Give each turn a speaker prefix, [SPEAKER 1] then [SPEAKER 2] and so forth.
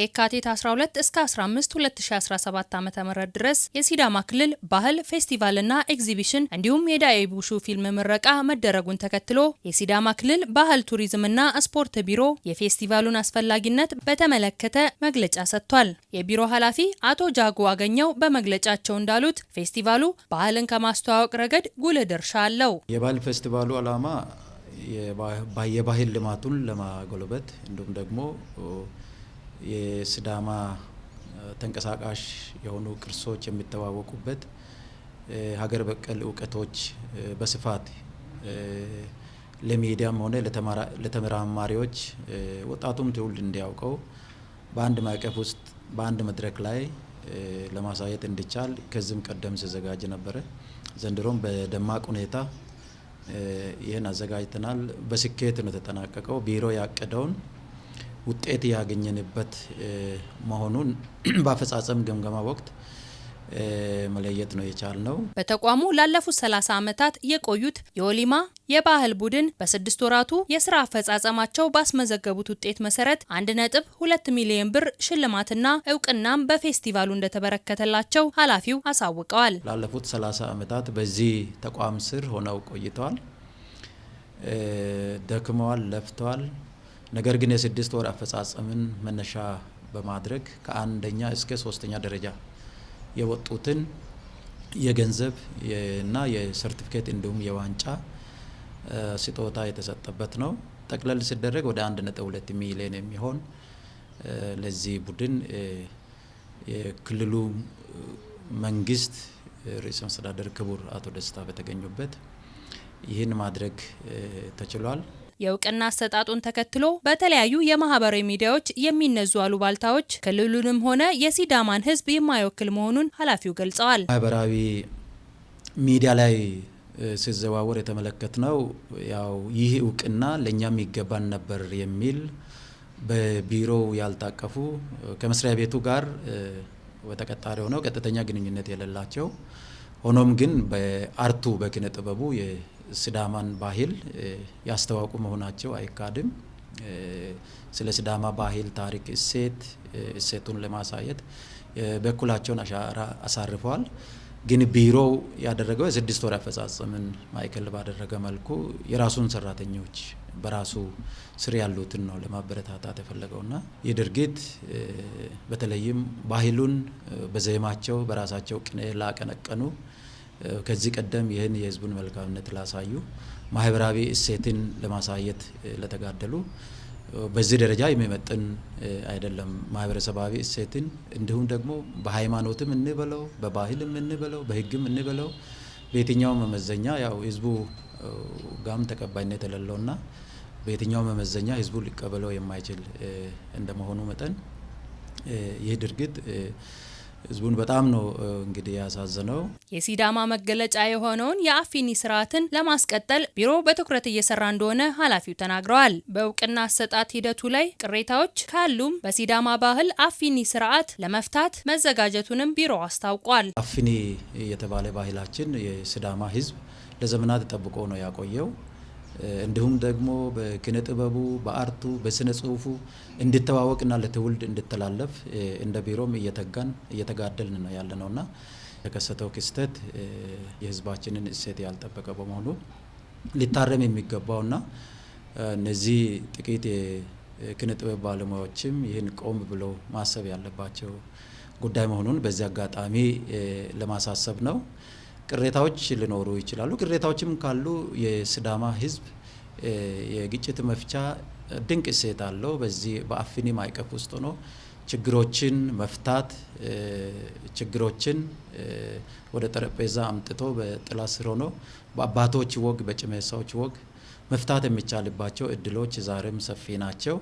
[SPEAKER 1] ከየካቲት 12 እስከ 15 2017 ዓ ም ድረስ የሲዳማ ክልል ባህል ፌስቲቫልና ኤግዚቢሽን እንዲሁም የዳኤቡሹ ፊልም ምረቃ መደረጉን ተከትሎ የሲዳማ ክልል ባህል ቱሪዝምና ስፖርት ቢሮ የፌስቲቫሉን አስፈላጊነት በተመለከተ መግለጫ ሰጥቷል። የቢሮ ኃላፊ አቶ ጃጎ አገኘው በመግለጫቸው እንዳሉት ፌስቲቫሉ ባህልን ከማስተዋወቅ ረገድ ጉልህ ድርሻ አለው። የባህል ፌስቲቫሉ ዓላማ የባህል ልማቱን ለማጎልበት እንዲሁም ደግሞ የስዳማ ተንቀሳቃሽ የሆኑ ቅርሶች የሚተዋወቁበት ሀገር በቀል እውቀቶች በስፋት ለሚዲያም ሆነ ለተመራማሪዎች ወጣቱም ትውልድ እንዲያውቀው በአንድ ማዕቀፍ ውስጥ በአንድ መድረክ ላይ ለማሳየት እንዲቻል ከዚህም ቀደም ሲዘጋጅ ነበረ። ዘንድሮም በደማቅ ሁኔታ ይህን አዘጋጅተናል። በስኬት ነው የተጠናቀቀው። ቢሮ ያቀደውን ውጤት ያገኘንበት መሆኑን በአፈጻጸም ግምገማ ወቅት መለየት ነው የቻልነው።
[SPEAKER 2] በተቋሙ ላለፉት 30 ዓመታት የቆዩት የኦሊማ የባህል ቡድን በስድስት ወራቱ የስራ አፈጻጸማቸው ባስመዘገቡት ውጤት መሰረት ነጥብ ሁለት ሚሊዮን ብር ሽልማትና እውቅናም በፌስቲቫሉ እንደተበረከተላቸው ኃላፊው አሳውቀዋል።
[SPEAKER 1] ላለፉት 30 ዓመታት በዚህ ተቋም ስር ሆነው ቆይተዋል፣ ደክመዋል፣ ለፍተዋል። ነገር ግን የስድስት ወር አፈጻጸምን መነሻ በማድረግ ከአንደኛ እስከ ሶስተኛ ደረጃ የወጡትን የገንዘብ እና የሰርቲፊኬት እንዲሁም የዋንጫ ስጦታ የተሰጠበት ነው። ጠቅለል ሲደረግ ወደ አንድ ነጥብ ሁለት ሚሊዮን የሚሆን ለዚህ ቡድን የክልሉ መንግስት ርዕሰ መስተዳደር ክቡር አቶ ደስታ በተገኙበት ይህን ማድረግ ተችሏል።
[SPEAKER 2] የእውቅና አሰጣጡን ተከትሎ በተለያዩ የማህበራዊ ሚዲያዎች የሚነዙ አሉባልታዎች ክልሉንም ሆነ የሲዳማን ህዝብ የማይወክል መሆኑን ኃላፊው ገልጸዋል።
[SPEAKER 1] ማህበራዊ ሚዲያ ላይ ሲዘዋወር የተመለከት ነው። ያው ይህ እውቅና ለእኛም ይገባን ነበር የሚል በቢሮው ያልታቀፉ ከመስሪያ ቤቱ ጋር በተቀጣሪ ሆነው ቀጥተኛ ግንኙነት የሌላቸው ሆኖም ግን በአርቱ በኪነ ጥበቡ ስዳማን ባህል ያስተዋውቁ መሆናቸው አይካድም። ስለ ስዳማ ባህል፣ ታሪክ፣ እሴት እሴቱን ለማሳየት በኩላቸውን አሻራ አሳርፈዋል። ግን ቢሮው ያደረገው የስድስት ወር አፈጻጸምን ማዕከል ባደረገ መልኩ የራሱን ሰራተኞች በራሱ ስር ያሉትን ነው ለማበረታታት የፈለገውና ይህ ድርጊት በተለይም ባህሉን በዜማቸው በራሳቸው ቅኔ ላቀነቀኑ ከዚህ ቀደም ይህን የህዝቡን መልካምነት ላሳዩ ማህበራዊ እሴትን ለማሳየት ለተጋደሉ በዚህ ደረጃ የሚመጥን አይደለም። ማህበረሰባዊ እሴትን እንዲሁም ደግሞ በሃይማኖትም እንበለው፣ በባህልም እንበለው፣ በህግም እንበለው በየትኛው መመዘኛ ያው ህዝቡ ጋም ተቀባይነት የሌለውና በየትኛው መመዘኛ ህዝቡ ሊቀበለው የማይችል እንደመሆኑ መጠን ይህ ድርጊት ህዝቡን በጣም ነው እንግዲህ ያሳዘነው
[SPEAKER 2] የሲዳማ መገለጫ የሆነውን የአፊኒ ስርዓትን ለማስቀጠል ቢሮ በትኩረት እየሰራ እንደሆነ ኃላፊው ተናግረዋል። በእውቅና አሰጣት ሂደቱ ላይ ቅሬታዎች ካሉም በሲዳማ ባህል አፊኒ ስርዓት ለመፍታት መዘጋጀቱንም ቢሮ አስታውቋል።
[SPEAKER 1] አፊኒ የተባለ ባህላችን የሲዳማ ህዝብ ለዘመናት ጠብቆ ነው ያቆየው። እንዲሁም ደግሞ በኪነ ጥበቡ፣ በአርቱ፣ በስነ ጽሁፉ እንዲተዋወቅና ለትውልድ እንዲተላለፍ እንደ ቢሮም እየተጋን እየተጋደልን ነው ያለ ነውና የተከሰተው ክስተት የህዝባችንን እሴት ያልጠበቀ በመሆኑ ሊታረም የሚገባውና እነዚህ ጥቂት የኪነ ጥበብ ባለሙያዎችም ይህን ቆም ብለው ማሰብ ያለባቸው ጉዳይ መሆኑን በዚህ አጋጣሚ ለማሳሰብ ነው። ቅሬታዎች ሊኖሩ ይችላሉ። ቅሬታዎችም ካሉ የስዳማ ህዝብ የግጭት መፍቻ ድንቅ እሴት አለው። በዚህ በአፍኒ ማዕቀፍ ውስጥ ሆኖ ችግሮችን መፍታት ችግሮችን ወደ ጠረጴዛ አምጥቶ በጥላ ስር ሆኖ በአባቶች ወግ፣ በጭመሳዎች ወግ መፍታት የሚቻልባቸው እድሎች ዛሬም ሰፊ ናቸው።